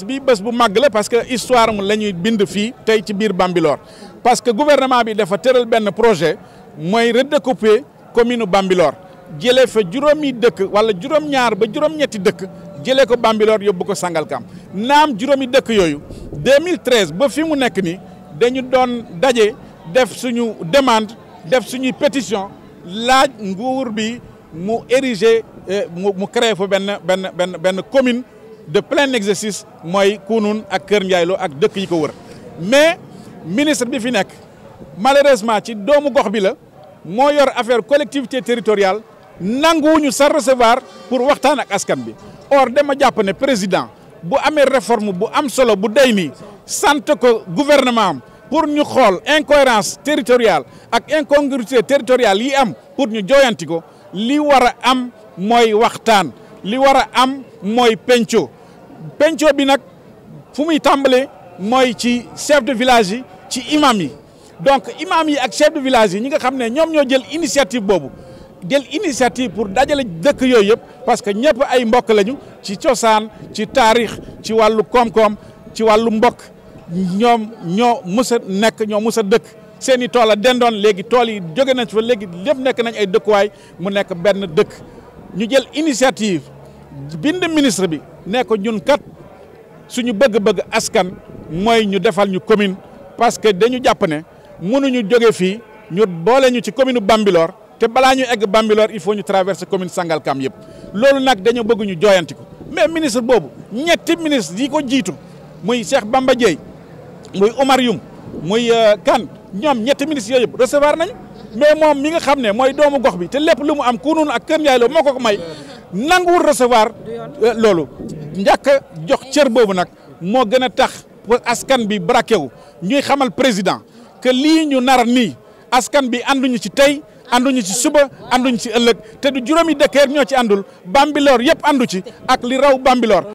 bu parce que histoire mu la bind Bambilor parce que gouvernement bi dafa projet redécouper commune Bambilor fa fait dëkk wala de ñaar ba ñetti ko Bambilor ko 2013 ba fi mu demande def pétition laaj nguur bi mu ériger euh, créer une commune de plein exercice à kunun ak keur Ndiaye ak yi ko mais ministre bi malheureusement ci bi la affaire collectivité territoriale sa recevoir pour waxtaan ak bi or dama jàpp président bu amé réforme bu am solo bu day Sans ko gouvernement pour ñu xol incohérence territoriale ak incongruité territoriale yi am pour ñu li am am moy pencho pencho bi nak fu tambalé moy ci chef de village yi ci imam yi donc imam yi ak chef de village yi ñi nga xamné ñom jël initiative bobu jël initiative pour dajalé dëkk yooyu parce que ñëpp ay mbokk lañu ci ciossane ci tarikh ci walu koom ci walu mbokk ñom ñoo mësa nek nekk ñoo mus dëkk seeni i tool légui dendoon tool yi nañ fa légui nek nañ ay way mu nek benn dëkk ñu jël initiative bind ministre bi ne ko ñun kat suñu bëgg-bëgg askan mooy ñu defal ñu commune parce que dañu jàpp ne mënuñu jóge fii ñu boole ñu ci commune Bambilor te balaa ñu egg Bambilor il faut ñu traverser commune Sangalkam yëpp loolu nag dañoo bëgg ñu jooyanti ko mais ministre boobu ñetti ministre yi ko jiitu muy Cheikh Bamba Dièye muy Omar Youm muy euh, kan ñoom ñetti ministres yooyu yëpp recevoir nañu mais moom mi nga xam ne mooy doomu gox bi te lépp lu mu am kunun ak Kër Ndiaye moo ko may nanguwul recevoir euh, loolu njàkk jox cër boobu nag moo gën a tax askan bi braqué wu ñuy xamal président que lii ñu nar ni askan bi ànduñu ci tey ànduñu ci suba ànduñu ci ëllëg te du juróomi dëkkeer ñoo ci àndul bambiloor yëpp àndu ci ak li raw bambiloor